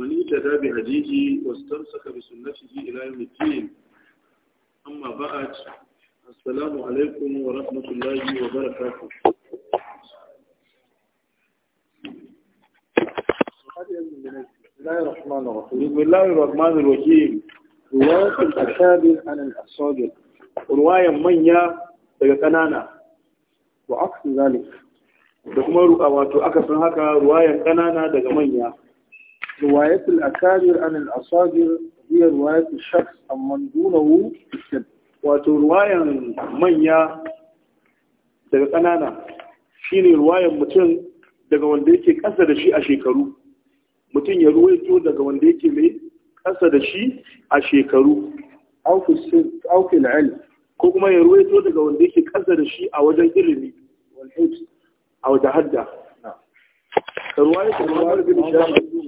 من اهتدى بهديه واستمسك بسنته إلى يوم الدين أما بعد السلام عليكم ورحمة الله وبركاته بسم الله الرحمن الرحيم بسم الله الرحمن الرحيم رواية الأكابر عن الأصابر رواية منيا تجتنانا وعكس ذلك aksu zalik أكثر kuma رواية akasin haka رواية الأكابر عن الأصابر هي رواية الشخص عمن دونه wato ruwayan manya daga ƙanana shine ruwayan mutum daga wanda yake kasa da shi a shekaru mutum ya ruwaito daga wanda yake mai kasa da shi a shekaru aufil ilm ko kuma ya ruwaito daga wanda yake kasa da shi a wajen ilimi a wajen hadda ka ruwaito da wani bin shafi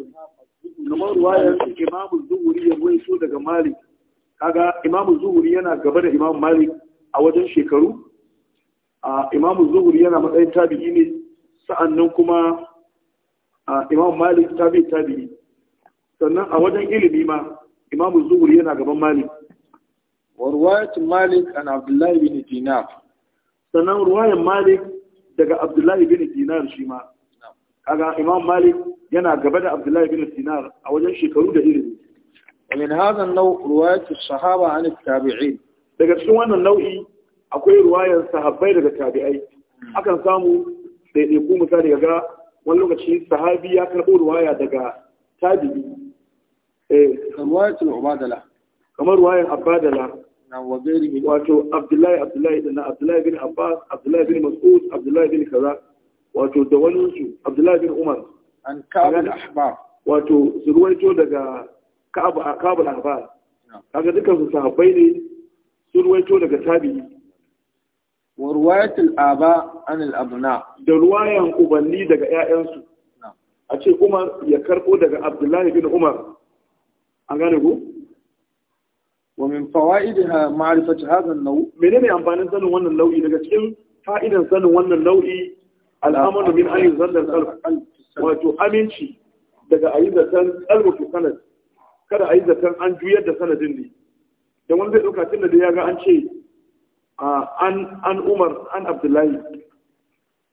kamar ruwayar imamu zuhuri ya ruwaito daga malik kaga imamu zuhuri yana gaba da imamu malik a wajen shekaru imamu zuhuri yana matsayin tabi'i ne sa'annan kuma imamu malik tabi'i tabi'i sannan a wajen ilimi ma imamu zuhuri yana gaban malik warwayat malik an abdullahi bin dinar sannan ruwayan malik daga abdullahi bin dinar shi ma kaga imamu malik yana gaba da Abdullahi bin Sinar a wajen shekaru da A min ilimi ومن هذا النوع رواية الصحابة عن التابعين daga cikin wannan nau'i akwai ruwayar sahabai daga tabi'ai hmm. akan samu kuma misali daga wani lokaci sahabi ya karɓo ruwaya daga tabi'i eh ruwayatul ubadala kamar ruwayar abadala wato abdullahi abdullahi da na abdullahi bin abbas abdullahi bin mas'ud abdullahi bin kaza wato da wani su abdullahi bin umar an kabul ahbar wato su ruwaito daga kabul ahbar kaga dukkan su sahabbai ne su ruwaito daga tabi. wa ruwayatul aba an al abna da ruwayan ubanni daga ƴaƴansu a ce Umar ya karbo daga Abdullahi bin Umar an gane ku wa min fawaidha ma'rifatu hadha an-naw menene amfanin sanin wannan nau'i daga cikin fa'idan sanin wannan nau'i al'amalu min ayi zallal qalb wato aminci daga a yi zaton tsalwatu sanad kada a yi zaton an juyar da sanadin ne da wani zai dauka tunda da ya ga an ce an umar an abdullahi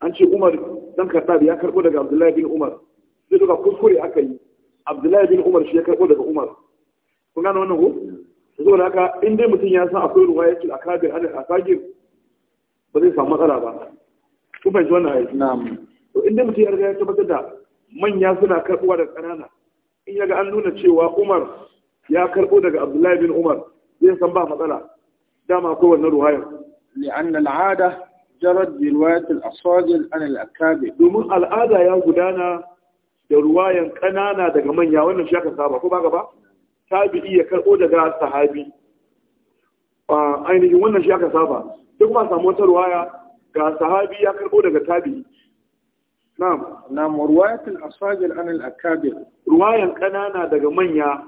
an ce umar dan karɗar ya karɓo daga abdullahi bin umar zai ɗauka kuskure aka yi abdullahi bin umar shi ya karɓo daga umar kun gane wannan ko zo da haka in dai mutum ya san akwai ruwa yake akabir a asagir ba zai samu matsala ba Kuma fahimci wannan ayi na'am to inda mutum ya riga ya tabbatar da manya suna karbuwa da ƙanana in ya ga an nuna cewa umar ya karɓo daga abdullahi bin umar zai san ba matsala dama ko wannan ruhayar لأن العادة جرت برواية الأصاجل عن الأكابي domin al'ada ya gudana da كنانا ƙanana daga manya wannan shi aka saba ko ba gaba tabi'i ya karɓo daga sahabi ainihin wannan shi aka saba duk ba samu wata ruwaya ga sahabi ya karɓo daga tabi'i نعم نعم رواية الأصاجر عن الأكابر رواية قنانا دقا منيا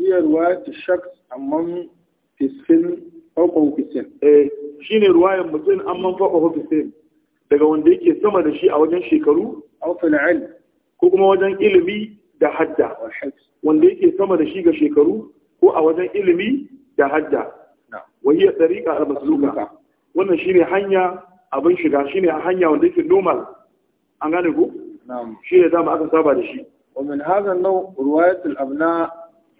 هي رواية الشخص أمام في السن فوقه في السن إيه شيني رواية متن أمام فوقه في السن daga wanda yake sama da shi a wajen shekaru ko kuma wajen ilimi da hadda wanda yake sama da shi ga shekaru ko a wajen ilimi da hadda wahiyar tsarika al-masluka wannan shine hanya abin shiga shine hanya wanda yake normal an gane ku shi ne dama aka saba da shi wa min hadha an-naw riwayat al-abna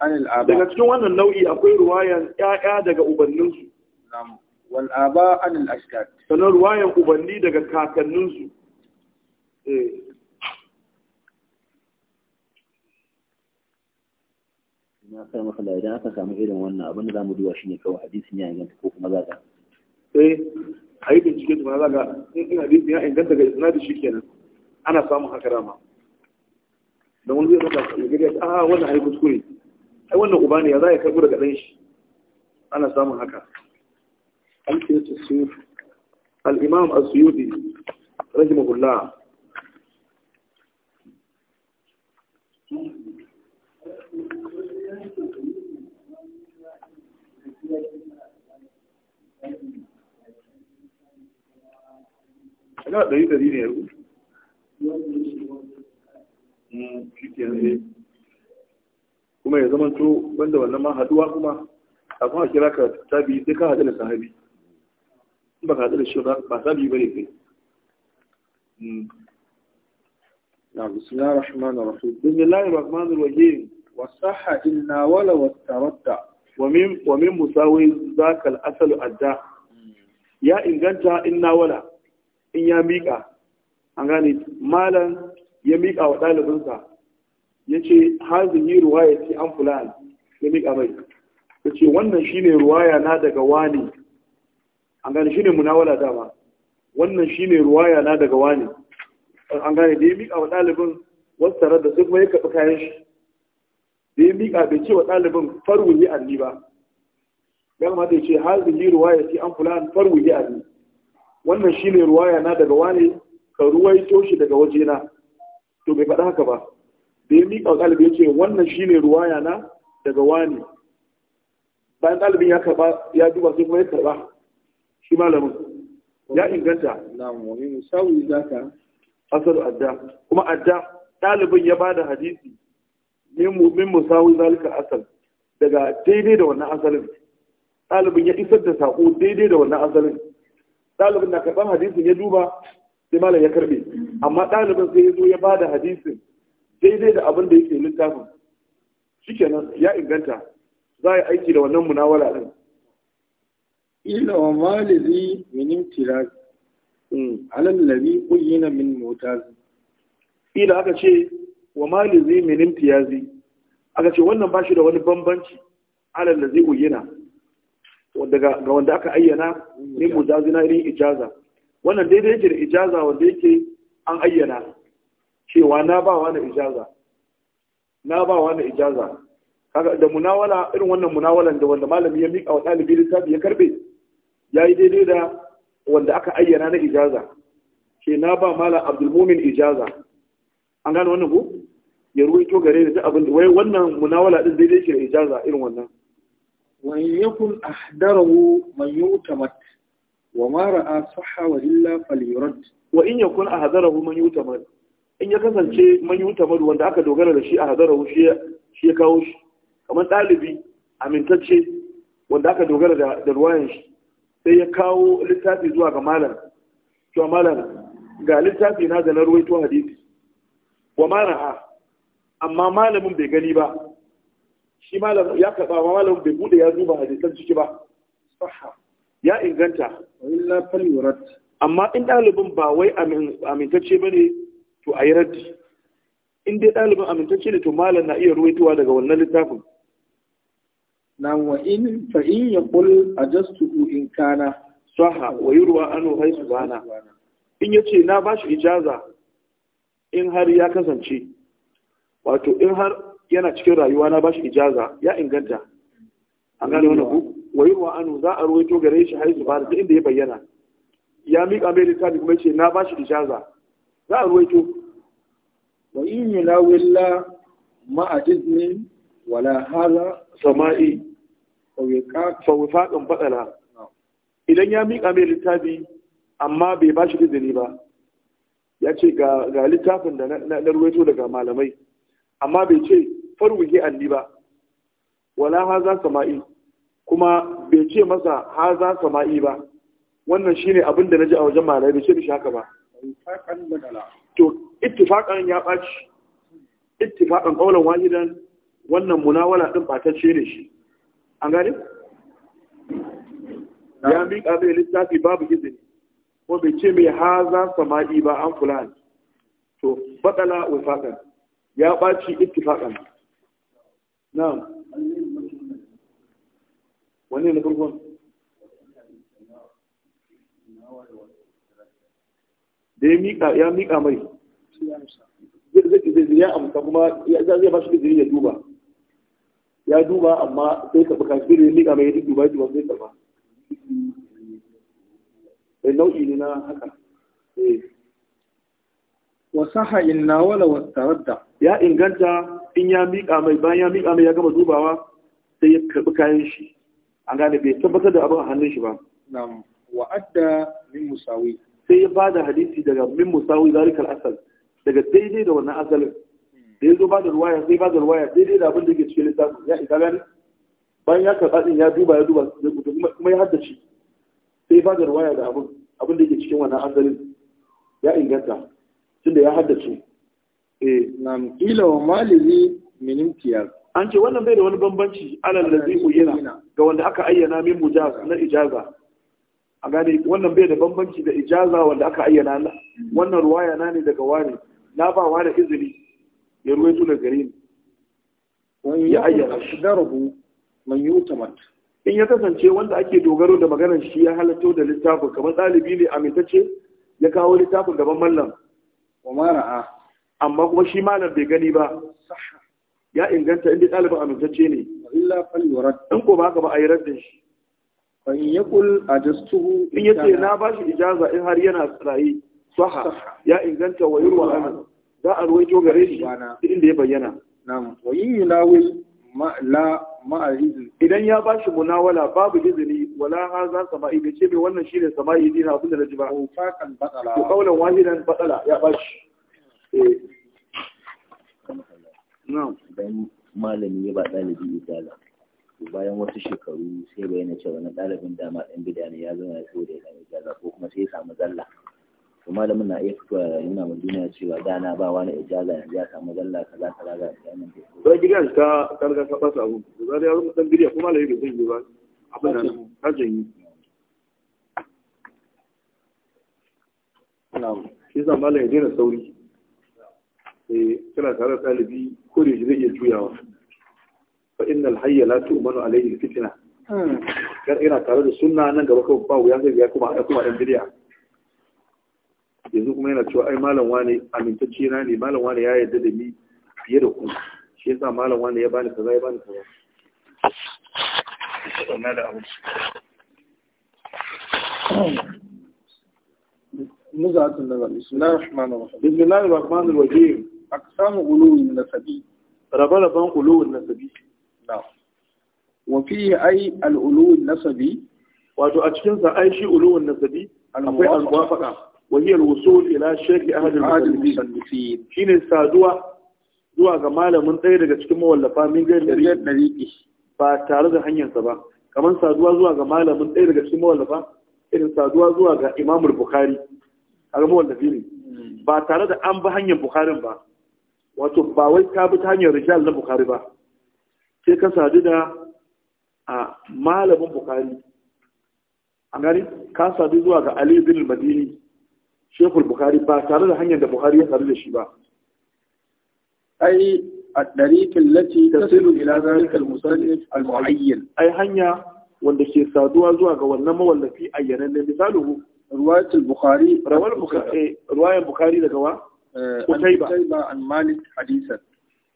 an al-aba daga cikin wannan nau'i akwai riwayan ƴaƴa daga ubanninsu. su na'am wal aba an al-ashkar sanan riwayan ubanni daga kakanninsu. eh na kai maka da idan aka samu irin wannan abin da zamu duba shine kawai hadisin ya inganta ko kuma zaka eh ayi bincike tukuna zaka in hadisi ya inganta ga shi kenan. ana samun haka dama da wani zai zaka ya gari a ah, wannan ai kuskure ai wannan uba ne ya za ya karbu daga ɗan shi ana samun haka al-imam as-suyuti rahimahullah Ina ɗari ɗari ne ya rubuta. kuma ya zama to banda wannan ma haduwa kuma a kuma kira ka tabi sai ka hadu da sahabi in ba ka hadu da shi ba sahabi bane kai na ar-rahman ar rahim ar-rahman ar rahim wa sahha inna wala wastaradda wa min wa min musawi zakal asal adda hmm. ya inganta inna wala in ya mika an gane malam ya miƙa wa ɗalibinsa ya ce hazin yi ruwaya ce an fulan ya miƙa mai ya ce wannan shi ne ruwaya na daga wani an gane shi ne munawala dama wannan shi ne ruwaya na daga wani an gane da ya miƙa wa ɗalibin wasu tare da duk kuma ya kaɓi kayan shi da ya miƙa bai ce wa ɗalibin yi anni ba ya kamata ya ce hazin yi ruwaya ce an fulan yi anni wannan shi ne ruwaya na daga wani ka ruwaito shi daga wajena to bai faɗa haka ba da ya miƙa ɗalibi ya ce wannan shine ruwaya na daga wani bayan ɗalibin ya karɓa ya duba sai kuma ya karɓa shi malamin ya inganta Na asar adda kuma adda ɗalibin ya bada hadisi min musawi zalika asal daga daidai da wannan asalin ɗalibin ya isar da saƙo daidai da wannan asalin ɗalibin na karɓar hadisin ya duba sai malam ya karbe amma ɗalibin sai ya zo ya bada hadisin daidai da abin da yake littafin shikenan ya inganta za a yi aiki da wannan munawara din ila wa malizi min imtiraz hmm. alal ladhi quyyina min mutaz ila aka ce wa malizi min imtiyazi aka ce wannan ba shi da wani bambanci alal ladhi quyyina daga ga wanda aka ayyana min mutazina irin ijaza wannan daidai yake da ijaza wanda yake an ayyana cewa na ba wa na ijaza na ba wa na ijaza kaga da munawala irin wannan munawalan da wanda malami ya mika wa dalibi littafi ya karbe ya yi daidai da wanda aka ayyana na ijaza ke na ba mala abdulmumin ijaza an gane wannan ko ya ruwaito gare da duk abin wai wannan munawala din daidai yake da ijaza irin wannan wa yakun ahdarahu man yutamat wa ma ra'a sahha wa illa falyurad wa in yakun ahadarahu man yutamad in ya kasance man yutamad wanda aka dogara da shi ahadarahu shi shi ya kawo shi kamar dalibi amintacce wanda aka dogara da da ruwayan shi sai ya kawo littafi zuwa ga malam to malam ga littafi na da na ruwaito hadisi wa ma ra'a amma malamin bai gani ba shi malam ya karba malamin bai bude ya zuba hadisan ciki ba sahha ya inganta amma in ɗalibin ba wai amintacce ba ne to a yi raddi in dai ɗalibin amintacce ne to malam na iya ruwaitowa daga wannan littafin na wa in fa in ya qul ajastuhu in kana saha wa an anhu su bana in ya ce na ba shi ijaza in har ya kasance wato in har yana cikin rayuwa na ba shi ijaza ya inganta an gane wani ku wa yi anu za a ruwaito gare shi har zubar da inda ya bayyana ya miƙa mai littafi kuma ce na ba shi ijaza za a ruwaito wa in yi lawilla ma'adiznin wala hala sama'i faɗin faɗala idan ya miƙa mai littafi amma bai ba shi izini ba ya ce ga littafin da na ruwaito daga malamai amma bai ce farwuge alli ba wala haza sama'i kuma bai ce masa ha za sama'i ba wannan shine abin da naji a wajen malai bai ce shi haka ba to ittifaqan ya baci ittifaqan qawlan wahidan wannan munawala din ce ne shi an gane ya miƙa mai littafi babu izini ko bai ce mai ha za sama'i ba an fulani to baɗala wifaƙan ya ɓaci ittifaƙan na'am wanne na farkon da ya miƙa ya miƙa mai zai ya amsa kuma zai ba shi izini ya duba ya duba amma sai ka buka shi ya miƙa mai ya duba duba sai ka ba sai eh, nau'i ne na haka eh. wasaha in nawala wa taradda ya inganta in ya miƙa mai bayan ya miƙa mai ya gama dubawa sai ya karɓi kayan shi an gane bai tabbatar da abin a hannun shi ba na'am wa adda min musawi sai ya ba da hadisi daga min musawi zalikal asal daga daidai da wannan asalin da ya zo ba da ruwaya sai ba da ruwaya daidai da abin da yake cikin lissafi, ya isa gani bayan ya karɓa din ya duba ya duba kuma ya haddace sai ba da ruwaya da abin abin da yake cikin wannan asalin ya inganta tunda ya haddace eh na kila wa malami min imtiyaz an ce wannan bai da wani bambanci alal ladhi uyina ga wanda aka ayyana min mujaz na ijaza a gane wannan bai da bambanci da ijaza wanda aka ayyana na wannan ruwaya na ne daga wani na ba wani izini ya ruwaito da gare ni wani ya ayyana shi darabu man yutamat in ya kasance wanda ake dogaro da maganar shi ya halatto da littafin kamar ɗalibi ne amintacce ya kawo littafin gaban mallam wa mara'a amma kuma shi malam bai gani ba ya inganta inda ɗalibin amintacce ne illa fal in ko ba ka ba a yi raddin shi ya in a ajastuhu in ce na ba shi ijaza in har yana tsirayi saha ya inganta wa yurwa an za a ruwaito gare shi inda ya bayyana na'am wa yunawil ma la ma idan ya ba shi munawala babu izini wala haza sama'i bai ce mai wannan shi ne sama'i dina abinda na ji ba ko fakan batsala ko kaulan wahidan batsala ya ba shi eh. dan malami ya ba ɗalibi izala bayan wasu shekaru sai bai na cewa na ɗalibin dama ɗan gida ne ya zama ya da ya izala ko kuma sai ya samu zalla to malamin na iya fitowa ya nuna ma duniya cewa da na ba wani ijala yanzu ya samu zalla kaza kaza ga ijalan da sai gidan ka karga ka fasa abu da zai ya zama ɗan gida ko malami bai yi ba abin nan ka janyi na'am shi zan malami ya daina sauri Eh, tana tare da ɗalibi ko da shi zai iya juyawa fa inna alhayya la tu'manu alayhi fitna hmm. kar ina tare da sunna nan gaba kawai ba wuya zai ya kuma a kuma dan bidiya yanzu kuma yana cewa ai malam wani amintacce na ne malam wani ya yarda da ni fiye da ku shi yasa malam wani ya bani kaza ya bani kaza da بسم الله الرحمن الرحيم أقسام غلو النسبي ربا ربا غلو النسبي نعم وفيه أي الغلو النسبي wato a cikin ai shi ulul nasabi akwai al-muwafaqa wa hiya al-wusul ila shaykh ahad al saduwa zuwa ga malamin ɗaya daga cikin mawallafa min gairi dariqi ba tare da hanyar sa ba kamar saduwa zuwa ga malamin ɗaya daga cikin mawallafa irin saduwa zuwa ga Bukhari mawallafi ne ba tare da an bi hanyar Bukharin ba wato ba wai ta bi ta hanyar rijal na bukari ba sai ka sadu da a malamin bukari a gani ka sadu zuwa ga ali bin madini shekul bukari ba tare da hanyar da bukari ya sadu da shi ba ai a ɗarikin lati da silu ila zalika al al ai hanya wanda ke saduwa zuwa ga wannan mawallafi ayyanan ne misaluhu ruwayatul bukhari bukari eh, bukhari daga wa Kutaiba eh, an Malik hadisan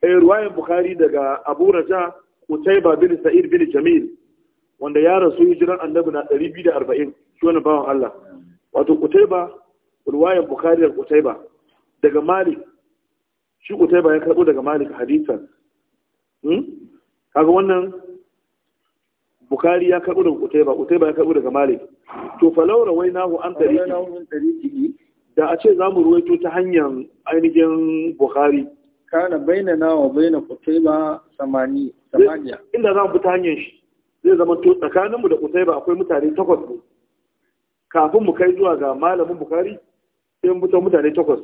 eh ruwayan Bukhari daga Abu Raja Qutayba bin Sa'id bin Jamil wanda ya rasu hijiran annabi na 240 shi wannan bawan Allah wato Kutaiba, ruwayan Bukhari da Kutaiba daga Malik shi Kutaiba ya karbo daga Malik hadisan hmm? kaga wannan Bukhari ya karbo daga Kutaiba, Kutaiba ya karbo daga Malik to Falawra wainahu an tariqi da a ce za mu ruwaito ta hanyar ainihin bukhari kana baina na wa baina ba samani samaniya inda za mu bi ta hanyar shi zai zama to tsakaninmu da ba akwai mutane takwas ne kafin mu kai zuwa ga malamin bukhari sai mu ta mutane takwas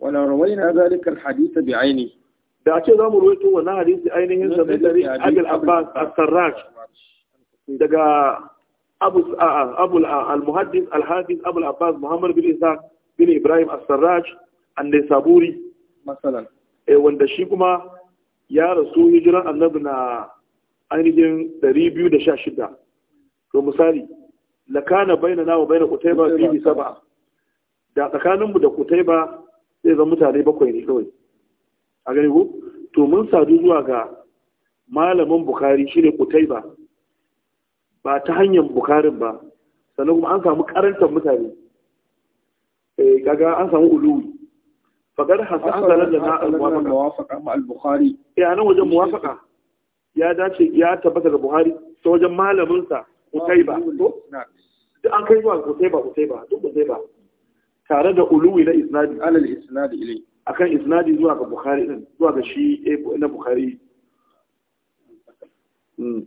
wala rawaina zalika alhadith bi aini da a ce za mu ruwaito wannan hadisi ainihin sa bi abbas as-sarraj daga abu al-muhaddis al hadith abu al-abbas muhammad bin isa bin Ibrahim As-Sarraj An-Naisaburi masalan eh wanda shi kuma ya rasu hijiran annabi na ainihin 216 to misali lakana na wa baina Qutayba bi sab'a da tsakaninmu da Qutayba zai zama mutane bakwai ne kawai a gani ku to mun sadu zuwa ga malamin Bukhari shine Qutayba ba ta hanyar Bukharin ba sannan kuma an samu karantar mutane Eh, kaga an samu uluwi faƙar hasanar da na'ar muwafaka ma al-bukhari ya eh, nan wajen muwafaka ya dace ya tabbata da buhari ta wajen malaminsa kutaiba ah, duk an kai zuwa kutaiba kutaiba duk kutaiba tare da uluwi na isnadi alal isnadi ilai akan isnadi zuwa ga bukhari din zuwa ga shi eh, na bukhari hmm.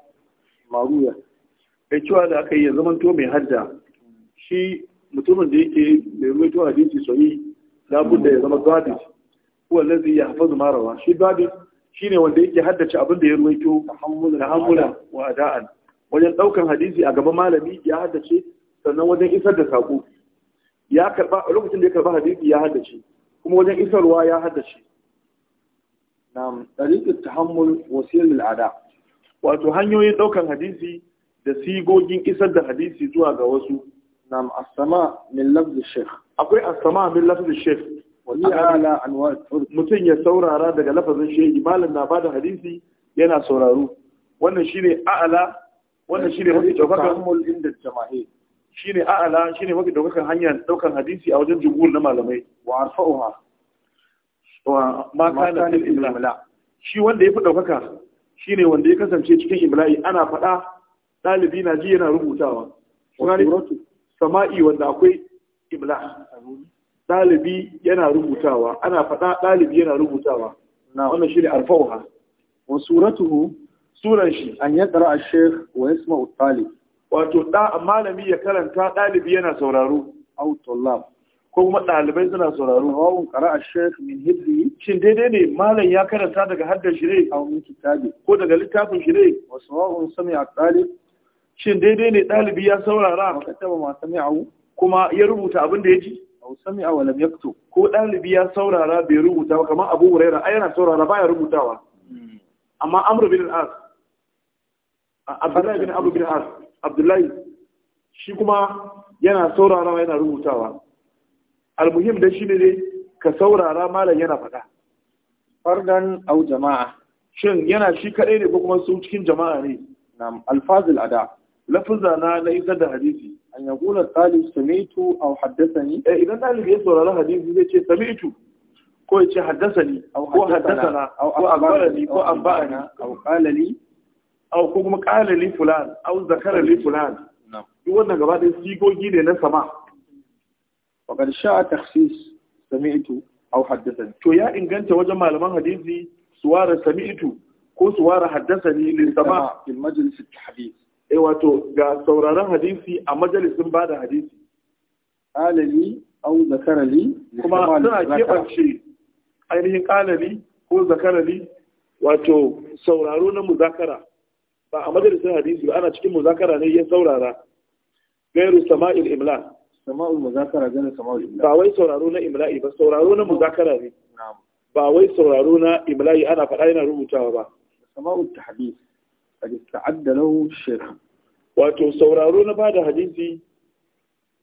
maruya ai cewa da aka yi ya zama to mai hadda shi mutumin da yake mai ruwaito hadisi sahi da ya zama zabit huwa allazi yahfazu zuma rawa shi shi ne wanda yake haddace abin da ya ruwaito tahammula wa ada'an wajen daukan hadisi a gaban malami ya haddace sannan wajen isar da sako ya karba lokacin da ya karba hadisi ya haddace kuma wajen isarwa ya haddace na tariqat tahammul wasu al al'ada. wato hanyoyin ɗaukan hadisi da sigogin isar da hadisi zuwa ga wasu na asama min lafzi sheikh akwai asama min lafzi sheikh ala anwa mutum ya saurara daga lafazin shehi malam na bada hadisi yana sauraro wannan shine a'ala wannan shine mafi daukakan mul inda jama'i shine a'ala shine mafi daukakan hanyar daukan hadisi a wajen jumhur na malamai wa arfa'uha wa ma kana fil imla shi wanda ya fi daukaka shine wanda ya kasance cikin imla'i ana faɗa ɗalibi na ji yana rubutawa sama'i wanda akwai imla ɗalibi yana rubutawa ana faɗa ɗalibi yana rubutawa na wannan ne alfawha wa suratuhu suran shi an tsara a shek wa ya suma wato da malami ya karanta ɗalibi yana sauraro ko kuma ɗalibai suna sauraro ƙara a shaykh min hibbi shin daidai ne malam ya karanta daga haddar shi ne a wani kitabi ko daga littafin shi ne wa sami a talib shin daidai ne ɗalibi ya saurara a masu ma sami'ahu kuma ya rubuta abin da ya ji aw sami a walam yaktub ko ɗalibi ya saurara bai rubuta ba kamar Abu wuraira ai yana saurara baya rubutawa hmm. amma Amr bin al-As Abdullahi bin abu bin al-As Abdullahi shi kuma yana saurara, yana rubutawa almuhim da shi ne ka saurara malam yana faɗa fardan au jama'a shin yana shi kaɗai ne ko kuma su cikin jama'a ne na alfazil ada Lafuza na na isar da hadisi an ya gula talib sami'tu aw haddathani eh idan talib ya saurara hadisi zai ce sami'tu ko ya ce haddathani ko na? ko akhbarani ko anba'ani aw Au kalali. Au ko kuma kalali fulan Au zakarali fulan duk wannan gaba ɗaya sigogi ne na sama faƙar sha'a takhsis sami'tu au haddasani to ya inganta wajen malaman hadisi suwara sami'tu ko suwara ni lil sama fil majlis at tahdith eh wato ga sauraron hadisi a majalisin bada hadisi alali au zakarali kuma suna keɓance ainihin ƙalali ko zakarali wato sauraro na muzakara ba a majalisar hadisi ana cikin muzakara ne ya saurara gairu sama'il imla sama'ul muzakara gane sama'ul imla'i ba wai sauraro na imla'i ba sauraro na muzakara ne ba wai sauraro na imla'i ana faɗa yana rubutawa ba sama'ul ta'adda lahu shaykh wato sauraro na bada hadisi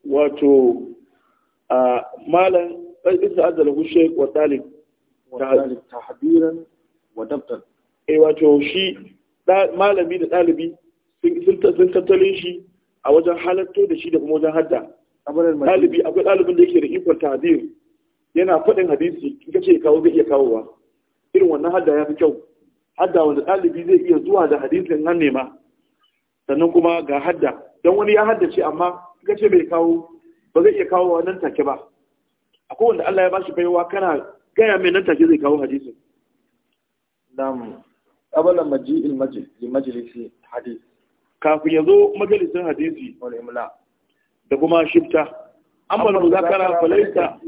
wato a malan eh, qad ta'adda lahu shaykh wa talib tahdiran wa dabtan eh wato shi malami da ɗalibi sun tattalin shi a wajen halatto da shi da kuma wajen hadda ɗalibi akwai ɗalibin da yake da ikon ta'adir yana faɗin hadisi in ka ce kawo zai iya kawowa irin wannan hadda ya fi kyau hadda wanda ɗalibi zai iya zuwa da hadisin nan ne ma sannan kuma ga hadda don wani ya haddace amma in ka ce bai kawo ba zai iya kawo nan take ba akwai wanda Allah ya bashi baiwa kana gaya mai nan take zai kawo hadisin nam qabla maji'il majlis li majlisi hadith kafin yazo majalisin hadisi wal imla da kuma shifta amma ba falaita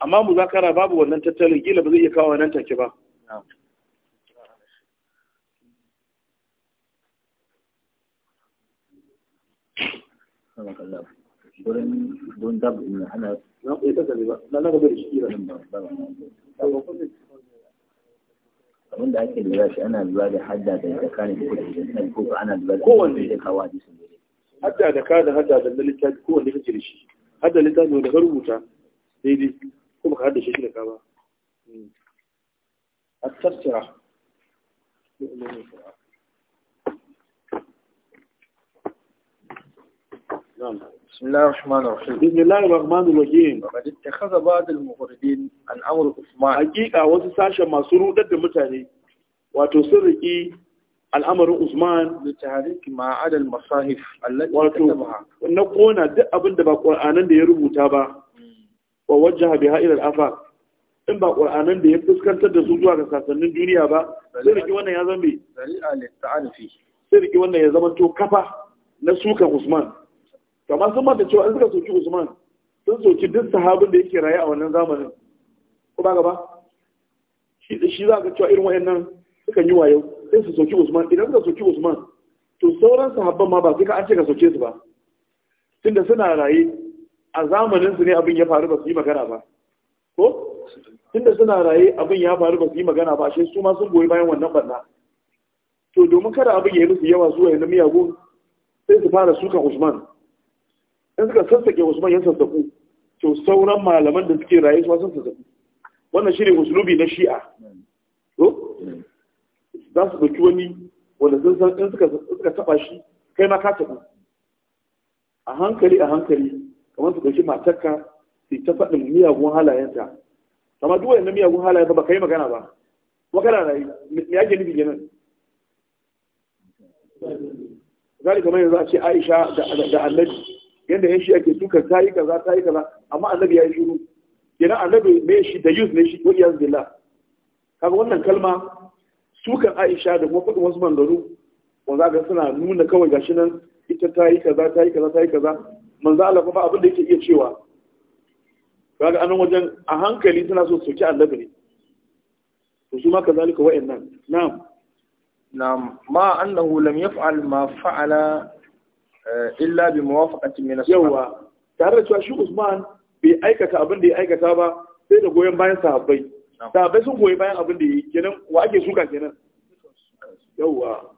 amma mu muzakara babu wannan tattalin gila ba zai iya kawo wannan take ba don ba na na da shi abin da ake lura shi ana lura da hadda da tsakanin kuɗi da ko ana lura da kowanne da kawo hadisin hadda da ka da hadda da na littafi kowanne kake da shi hadda littafi wanda ka rubuta daidai kuma ka hadda shi da ka ba a tattara بسم الله الرحمن الرحيم بسم الله الرحمن الرحيم وقد اتخذ بعض المغربين عن امر عثمان حقيقه wasu sashen masu rudar da mutane wato sun al'amarin Usman da tahariki ma'adal masahif wato na kona duk abin da ba ƙwar'anan da ya rubuta ba hmm. wa wajen habi ha'ilar afa in ba ƙwar'anan da ya fuskantar da su zuwa ga sasannin duniya ba sai riki wannan ya zama sai riki wannan ya zama to kafa na sukan Usman kamar sun mata cewa an suka soki Usman sun soki duk sahabin da yake raye a wannan zamanin ko ba gaba shi za ka cewa irin wayannan suka yi wayo sai su soki usman idan suka soki usman to sauran sahabban ma ba sai ka an ce ka soke su ba tunda suna raye a zamanin su ne abin ya faru ba su yi magana ba ko tunda suna raye abin ya faru ba su yi magana ba shi su ma sun goyi bayan wannan banna to domin kada abin ya yi musu yawa zuwa yanzu miyagu sai su fara suka usman in suka sassake usman ya sassaku to sauran malaman da suke raye su ma sun sassaku wannan shi ne usulubi na shi'a hmm. za su ɗauki wani wanda sun san in suka taɓa shi kai ma ka taɓa a hankali a hankali kamar su ɗauki matarka su ta faɗin miyagun halayenta amma duk wani miyagun halayenta ba ka yi magana ba ka na yi me ake nufi kenan zalika kamar yanzu a ce Aisha da Annabi yadda yan shi ake tukar ta yi kaza ta yi kaza amma Annabi ya yi shiru kenan Annabi me shi da yuz ne shi ko iyaz la? kaga wannan kalma sukan aisha da kuma faɗin wasu manzaru wanda ga suna nuna kawai gashi nan ita ta yi kaza ta yi kaza ta yi kaza manzo Allah kuma abin da yake iya cewa kaga anan wajen a hankali suna so soki annabi ne to shi ma kazalika wa'annan na'am na'am ma annahu lam yaf'al ma fa'ala eh, illa bi muwafaqati min ashabi yawa tare da cewa shi Usman bai aikata abin da ya aikata ba sai da goyon bayan sahabbai bai sun koyi bayan abin da yi kenan wa ake suka kenan yawwa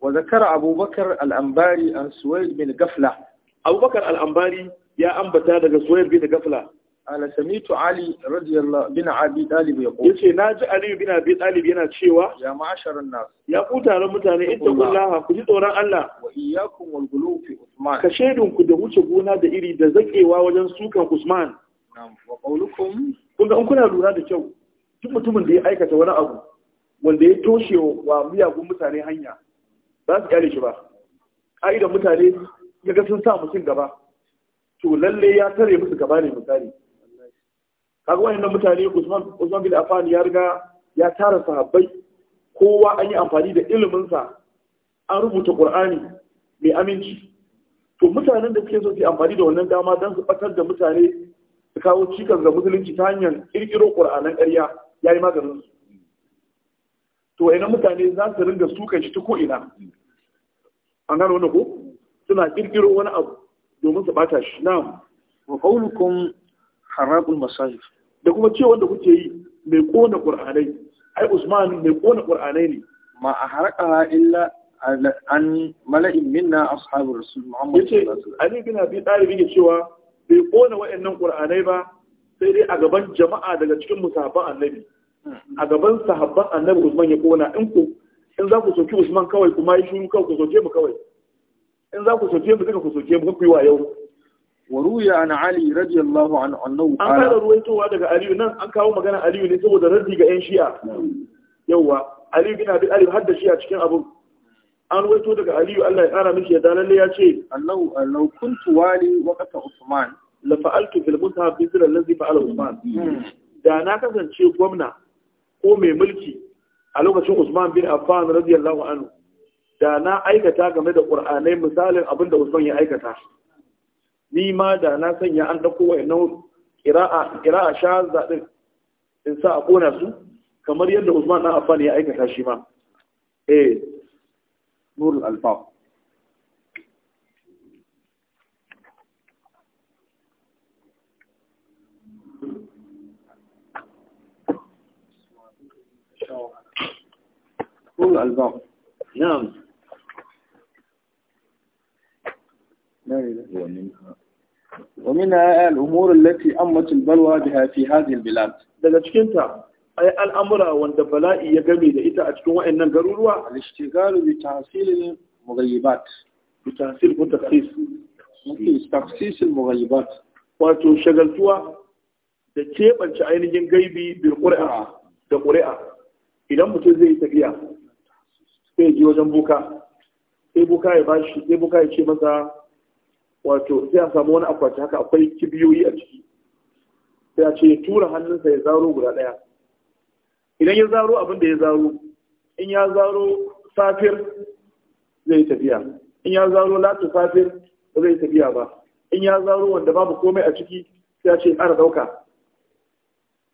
wa zakara abubakar al'ambari an suwaid bin gafla abubakar al'ambari ya ambata daga suwaid bin gafla ala samitu ali radiyallahu bin abi talib ya yace naji ali bin abi talib yana cewa ya ma'asharan nas ya ku ta mutane ittaqullaha ku ji tsoron Allah wa iyyakum wal ghulu fi usman ka shaidun ku da wuce gona da iri da zakewa wajen sukan usman na'am wa qawlukum kun ga kuna lura da kyau duk mutumin da ya aikata wani abu wanda ya toshe wa miyagun mutane hanya ba su kyale shi ba ƙa'idan mutane ya ga sun sa mutum gaba to lalle ya tare musu gaba ne misali kaga nan mutane Usman Usman bin Affan ya riga ya tara sahabbai kowa an yi amfani da iliminsa an rubuta Qur'ani mai aminci to mutanen da suke so su amfani da wannan dama don su batar da mutane su kawo cikas ga musulunci ta hanyar kirkiro Qur'anan ƙarya ya yi maganin su to ina mutane za su ringa sukan shi ta ko'ina. an gano wani ko suna ƙirƙiro wani abu domin su bata shi na wa qaulukum harabul masajid da kuma ce wanda kuke yi mai kona ƙur'anai. ai usman mai kona ƙur'anai ne ma a haraka illa an mala'in minna ashabu rasul muhammad sallallahu alaihi wasallam ali bin abi talib yake cewa bai kona wayannan ƙur'anai ba sai dai a gaban jama'a daga cikin musafan annabi a gaban sahabban annabi Usman ya kona in ku in za ku soke Usman kawai kuma yi shiru kawai ku soke mu kawai in za ku soke mu duka ku soke mu ku yi wa yau wa ruya an Ali radiyallahu an annahu an kada ruwaitowa daga Aliyu nan an kawo magana Aliyu ne saboda raddi ga yan Shi'a yauwa Aliyu bin Abi Talib hadda Shi'a cikin abun an ruwaito daga Aliyu Allah ya kara miki ya dalalle ya ce annahu law kuntu wali waqta Usman la fa'altu fil mushaf bizra allazi fa'ala Usman da na kasance gwamna ko mai mulki a lokacin Usman bin Affan radiyallahu anhu da na aikata game da Qur'anai misalin abinda Usman ya aikata ni ma da na sanya an dauko wayannan qira'a qira'a shaza din in sa a kona su kamar yadda Usman dan Affan ya aikata shi ma eh nurul alfaq كل الباب نعم ومنها الأمور التي أمت البلوى بها في هذه البلاد دلتكنت أي الأمر والدبلاء يقبل إذا أتكوا إن قرروا الاشتغال بتحصيل المغيبات بتحصيل وتخصيص تخصيص المغيبات واتو شغلتوا تشيب أنت عيني جنقيبي بالقرأة بالقرأة إذا متزي تقيا sai ji wajen buka sai buka ya bashi sai buka ya ce masa wato sai a samu wani akwati haka akwai kibiyoyi a ciki sai a ce ya tura hannunsa ya zaro guda ɗaya idan ya zaro abin da ya zaro in ya zaro safir zai tafiya in ya zaro latu safir ba zai tafiya ba in ya zaro wanda babu komai a ciki sai a ce ƙara ɗauka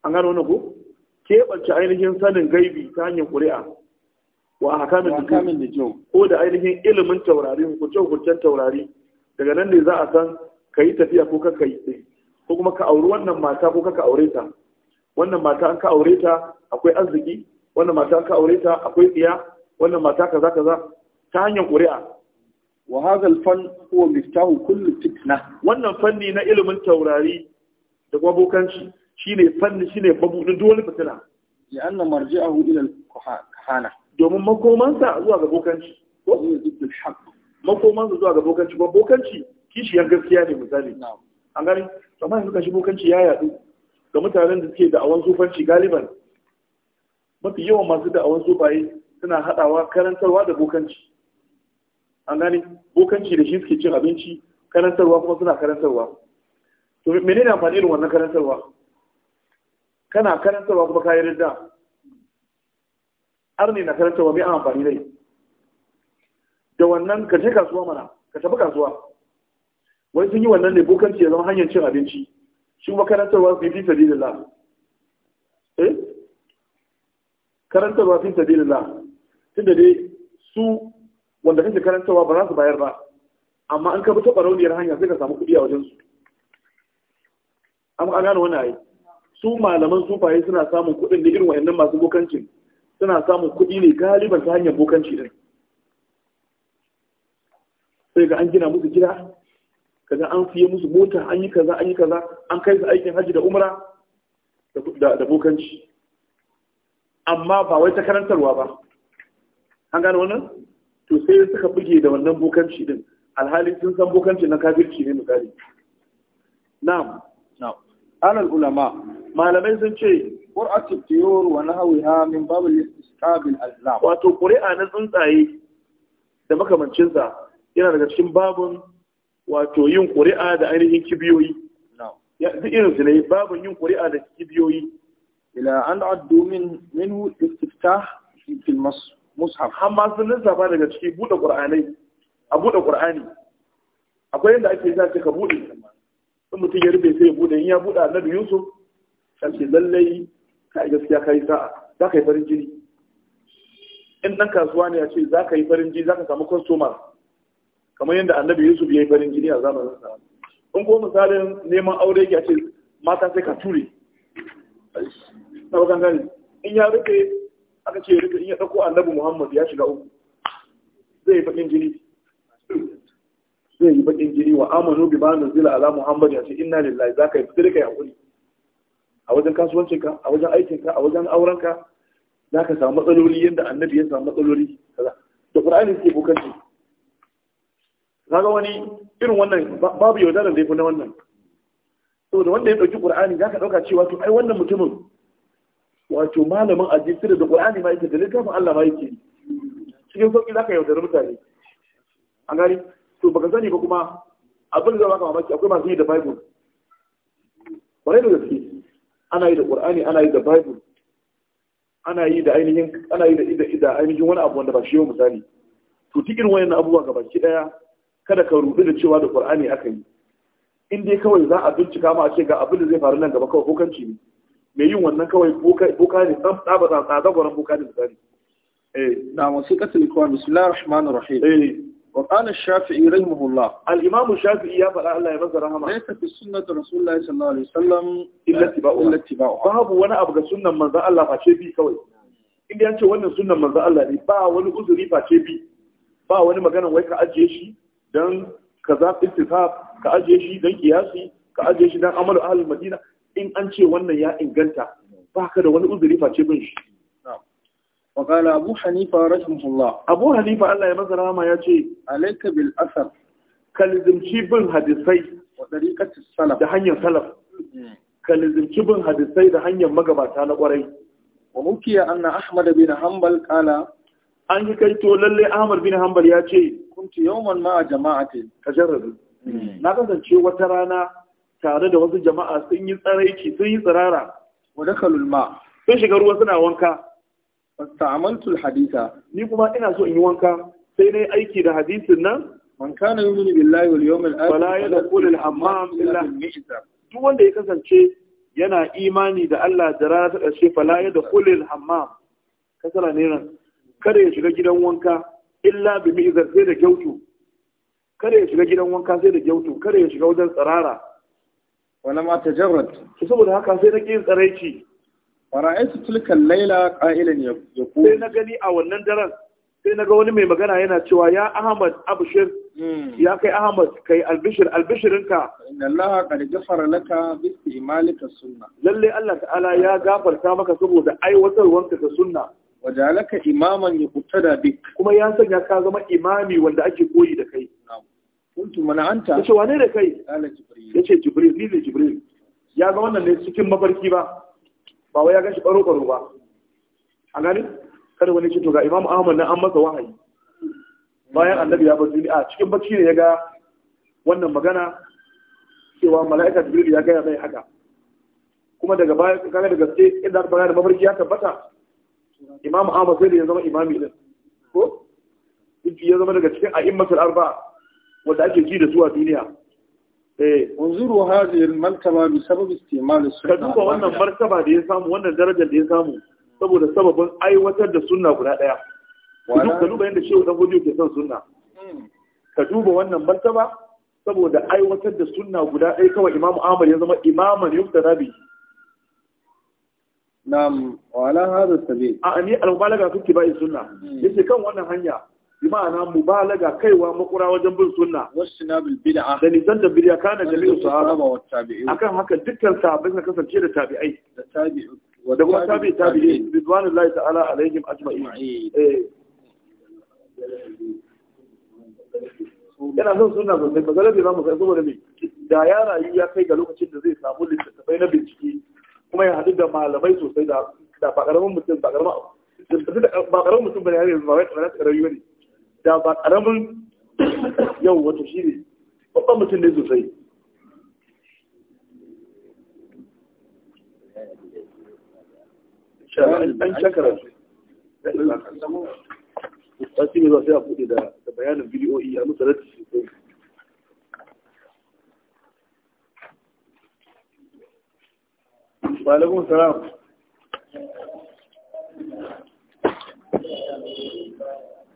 an gano wani ko keɓance ainihin sanin gaibi ta hanyar ƙuri'a wa hakamin nujum ko da ainihin ilimin taurari hukunce hukuncen taurari daga nan ne za a san ka yi tafiya ko kaka yi ko kuma ka auri wannan mata ko kaka aure ta wannan mata an ka aure ta akwai arziki wannan mata an ka aure ta akwai tsiya wannan mata kaza kaza ta hanyar ƙuri'a wa hadha al-fan huwa miftahu kulli fitna wannan fanni na ilimin taurari da kuma bokanci shine fanni shine babu duk wani fitina ya anna marji'ahu ila al-kahana domin makomansa zuwa ga bokanci makomansa zuwa ga bokanci ba bokanci kishiyar gaskiya ne misali an gani amma yanzu kashi bokanci ya yadu ga mutanen da suke da'awan sufanci galiban mafi yawan masu da'awan sufaye suna haɗawa karantarwa da bokanci an gani bokanci da shi suke cin abinci karantarwa kuma suna karantarwa to menene amfani irin wannan karantarwa kana karantarwa kuma kayi ridda arni na karanta wa mai amfani dai da wannan ka je kasuwa mana ka tafi kasuwa wai sun yi wannan ne bokanci ya zama hanyar cin abinci shi kuma karantarwa fi fi sabilillah eh karantarwa fi sabilillah tunda dai su wanda kake karantarwa ba za su bayar ba amma an kafa bi taɓa rauniyar hanya sai ka samu kuɗi a wajen su an gano wani ayi su malaman sufaye suna samun kuɗin da irin wa'annan masu bokancin suna samun kuɗi ne galiban ta hanyar bokanci ɗin. sai ga an gina musu gida kaga an fiye musu mota an yi kaza an yi kaza an kai su aikin hajji da umra da bokanci amma ba wai ta karantarwa ba an gane wannan to sai suka buge da wannan bokanci din alhali sun san bokanci na kafirci ne misali na'am na'am alal ulama malamai sun ce قرعة wa ونحوها min babu الاستسقاء Allah. Wato ƙuri'a na tsuntsaye da makamancinsa yana daga cikin babun wato yin ƙuri'a da ainihin kibiyoyi duk su ne babun yin ƙuri'a da kibiyoyi ila an addu min minhu istiftah fi mushaf har ma sun lissafa daga ciki buɗe ƙur'anai a buɗe ƙur'ani akwai yadda ake sa ka buɗe Sun mutum ya rufe sai ya buɗe in ya buɗe annabi yusuf kan ce lallai kai gaskiya kai sa'a za ka yi farin jini in ɗan kasuwa ne ya ce za ka yi farin jini za ka samu kwastoma kamar yadda annabi yusuf ya yi farin jini a zamanin sa in ko misalin neman aure ya ce mata sai ka ture na bakan in ya rufe aka ce rufe in ya dauko annabi muhammad ya shiga uku zai yi baƙin jini zai yi baƙin jini wa amanu bi ma nuzila ala muhammad ya ce inna lillahi za ka yi fitar ka yi hakuri a wajen kasuwancinka a wajen aikinka a wajen aurenka za ka samu matsaloli yadda annabi ya samu matsaloli da ƙur'ani suke kokanci ga wani irin wannan babu yau da daifin na wannan saboda wanda ya ɗauki ƙur'ani za ka ɗauka cewa to ai wannan mutumin wato malamin addini da ƙur'ani ma yake da littafin Allah ma yake cikin sauƙi za ka yaudari mutane an gani to baka sani ba kuma abin da za ka mamaki akwai masu yi da bible ƙwarai da gaske ana yi da ƙur'ani, ana yi da bible ana yi da ainihin ana yi da ida ainihin wani abu wanda ba shi yau misali to tikin wayannan abubuwa baki daya kada ka rubi da cewa da ƙur'ani aka yi in dai kawai za a bincika ma a ce ga abin da zai faru nan gaba kawai hukunci ne mai yin wannan kawai boka ne san tsaba tsaba gwaran boka ne misali eh na musiqatul qur'an bismillahir rahmanir rahim eh وقال الشافعي رحمه الله الامام الشافعي يا فلا الله يمزه رحمه ليس في السنه رسول الله صلى الله عليه وسلم الا اتباع الا اتباع باب وانا ابغى سنه من ذا الله فاشي بي كوي ان دي انتي wannan sunnan manzo Allah ne ba wani uzuri face bi ba wani magana wai ka ajiye shi dan kaza ittifaq ka ajiye shi dan kiyasi ka ajiye shi dan amala, ahlul madina in an ce wannan ya inganta ba ka da wani uzuri face bin shi وقال أبو حنيفة رحمه الله أبو حنيفة الله يمزر ما يجي عليك بالأثر كالزمشي بن حديثي وطريقة السلف ده هنيا سلف كالزمشي بن حديثي ده هنيا مقبع تعالى وري ومكي أن أحمد بن حنبل قال an yi للي to بن حنبل bin كنت يوما مع kuntu yawman ma jama'atin وترانا tare da wasu jama'a sun yi tsaraici sun yi tsirara wa dakalul ma sun shiga ruwa suna wanka fasta'amaltu hadisa ni kuma ina so in yi wanka sai nayi aiki da hadisin nan man kana yu'minu billahi wal yawmil akhir wala yadkhulu al hammam illa duk wanda ya kasance yana imani da Allah da rana ta ƙarshe fala yadkhulu al hammam kasara ne nan kada ya shiga gidan wanka illa bi mi'zar sai da gyautu kada ya shiga gidan wanka sai da gyautu kada ya shiga wajen tsarara wala ma tajarrad saboda haka sai na kin tsaraici fara'aitu tilkan laila qa'ilan yaqul sai na gani a wannan daren sai na ga wani mai magana yana cewa ya Ahmad Abushir hmm. ya kai Ahmad kai albishir albishirinka inna Allah qad ghafara laka bi istimalika sunna lalle Allah ta'ala ya gafarta maka saboda aiwatarwanka ta sunna wajalaka imaman yuqtada bik kuma ya sanya ka zama imami wanda ake koyi da kai kuntu mana anta yace wane da kai yace jibril ni ne jibril ya ga wannan ne cikin mafarki ba ba wai ya gashi baro baro ba a gani kada wani ce to ga Imam Ahmad na an masa wahayi bayan annabi ya bar duniya cikin bacci ne ya ga wannan magana cewa mala'ika Jibril ya gaya mai haka kuma daga baya kaga da gaske inda bayar da mafarki ya tabbata Imam Ahmad sai da ya zama imami din ko ya zama daga cikin a'immatul arba wanda ake ji da zuwa duniya Eh, unzuru hadhihi al-martaba bi sabab istimal sunna ka duba wannan martaba da ya samu wannan darajar da ya samu saboda sababin aiwatar da sunna guda daya ka duba yadda shehu dan gudu ke son sunna hmm. ka duba wannan martaba saboda aiwatar da sunna guda ɗaya kawai imamu Ahmad ya zama imaman yuftada bi nam wala hadha sabil a ni al-balaga kuke bai sunna hmm. yace kan wannan hanya bi mubalaga kaiwa makura wajen bin sunna da nisan da bid'a kana jami'u sahaba wa tabi'in akan haka dukkan sahabbai suka kasance da tabi'ai da tabi'u da kuma tabi'i tabi'i ridwanullahi ta'ala eh. yana son sunna sosai ba galabi za mu saboda me da ya rayu ya kai ga lokacin da zai samu littattafai na bincike kuma ya haɗu da malamai sosai da ba ƙaramin mutum ba ƙaramin mutum ba ne ya yanzu ba ƙaramin ba ne da ba karamin yau wato shi ne babban mutum ne sosai an shakara su ta shi ne za su yi a buɗe da bayanin bidiyoyi a musarar da Balagun salam.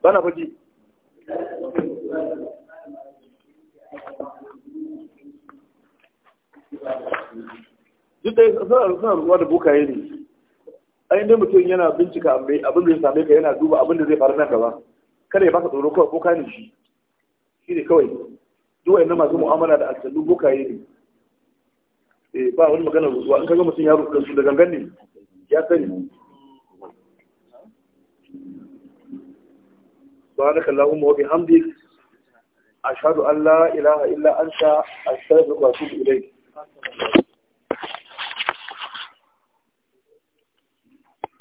Bana فجي duk da suna ruwa da bokaye ne ai dai mutum yana bincika abin da ya same ka yana duba abin da zai faru nan gaba kada ya baka tsoro kawai boka ne shi shi ne kawai duk wa'annan masu mu'amala da aljannu bokaye ne eh, ba wani maganar ruwa in kaga mutum ya rubuta su da gangan ne ya sani سبحانك اللهم وبحمدك أشهد أن لا إله إلا أنت أستغفرك وأتوب إليك fucking